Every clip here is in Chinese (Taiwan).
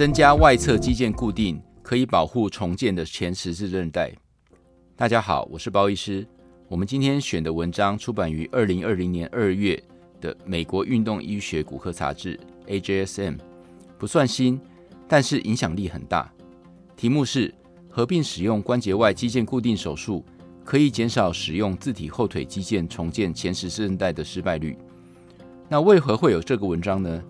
增加外側肌腱固定可以保護重建的前十字韌帶。大家好，我是包醫師。我們今天選的文章出版於二零二零年二月的《美國運動醫學骨科雜誌》（AJSM），不算新，但是影響力很大。題目是：合併使用關節外肌腱固定手術可以減少使用自體後腿肌腱重建前十字韌帶的失敗率。那為何會有這個文章呢？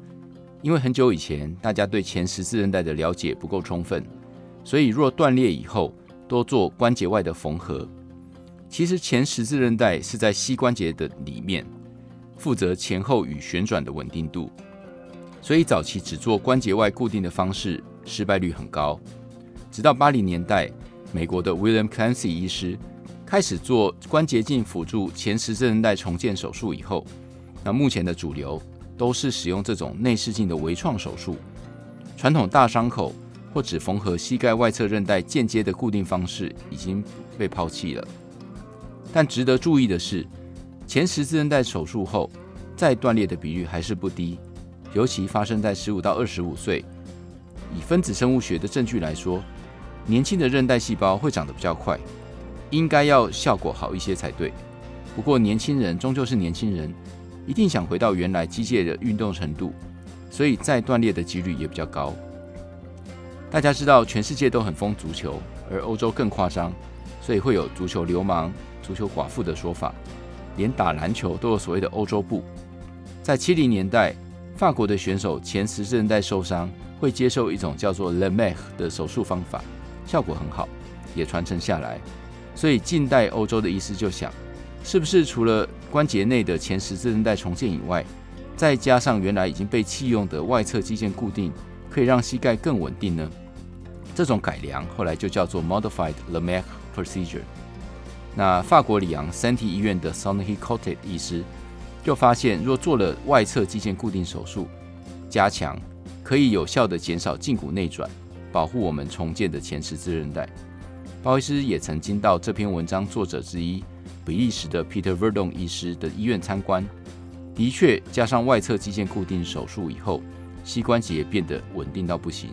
因為很久以前，大家對前十字韌帶的了解不夠充分，所以若斷裂以後，多做關節外的縫合。其實前十字韌帶是在膝關節的裡面，負責前後與旋轉的穩定度，所以早期只做關節外固定的方式，失敗率很高。直到八零年代，美國的 William Clancy 醫師開始做關節鏡輔助前十字韌帶重建手術以後，那目前的主流。都是使用這種內視鏡的微創手術。傳統大傷口或只縫合膝蓋外側韌帶間接的固定方式已經被拋棄了。但值得注意的是，前十字韌帶手術後再斷裂的比率還是不低，尤其發生在十五到二十五歲。以分子生物學的證據來說，年輕的韌帶細胞會長得比較快，應該要效果好一些才對。不過年輕人終究是年輕人，一定想回到原來機械的運動程度，所以再斷裂的幾率也比較高。大家知道全世界都很瘋足球，而歐洲更誇張，所以會有足球流氓、足球寡婦的說法。連打籃球都有所謂的歐洲步。在七零年代，法國的選手前十字韌帶受傷會接受一種叫做 Lemaire 的手術方法，效果很好，也傳承下來。所以近代歐洲的醫師就想，是不是除了關節內的前十字韌帶重建以外，再加上原來已經被棄用的外側肌腱固定，可以讓膝蓋更穩定呢？這種改良後來就叫做 Modified Lemaire Procedure。那法國里昂三體醫院的 Sonnery-Cottet 醫師就發現，若做了外側肌腱固定手術加強，可以有效地減少脛骨內轉，保護我們重建的前十字韌帶。鮑醫師也曾經到這篇文章作者之一，比利時的 Peter Verdon 醫師的醫院參觀，的確加上外側肌腱固定手術以後，膝關節變得穩定到不行。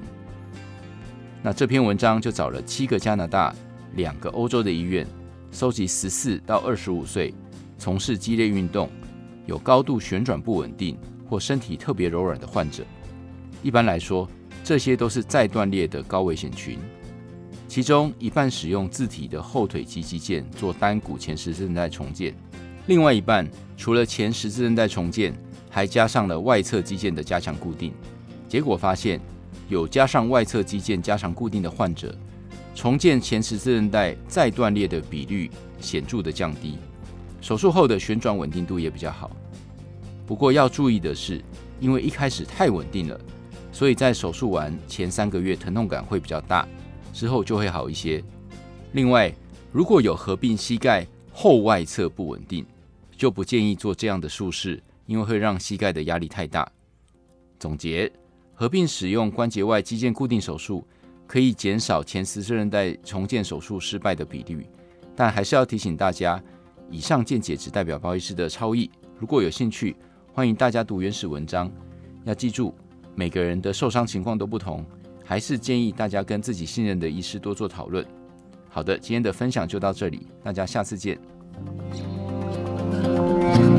那這篇文章就找了七個加拿大、兩個歐洲的醫院，收集十四到二十五歲、從事激烈運動、有高度旋轉不穩定或身體特別柔軟的患者。一般來說，這些都是再斷裂的高危險群。其中一半使用自體的後腿肌肌腱做單股前十字韌帶重建，另外一半除了前十字韌帶重建，還加上了外側肌腱的加強固定。結果發現，有加上外側肌腱加強固定的患者，重建前十字韌帶再斷裂的比率顯著的降低，手術後的旋轉穩定度也比較好。不過要注意的是，因為一開始太穩定了，所以在手術完前三個月疼痛感會比較大。之後就會好一些。另外，如果有合併膝蓋後外側不穩定，就不建議做這樣的術式，因為會讓膝蓋的壓力太大。總結：合併使用關節外肌腱固定手術，可以減少前十字韌帶重建手術失敗的比率。但還是要提醒大家，以上見解只代表包醫師的超意。如果有興趣，歡迎大家讀原始文章。要記住，每個人的受傷情況都不同。還是建議大家跟自己信任的醫師多做討論。好的，今天的分享就到這裡，大家下次見。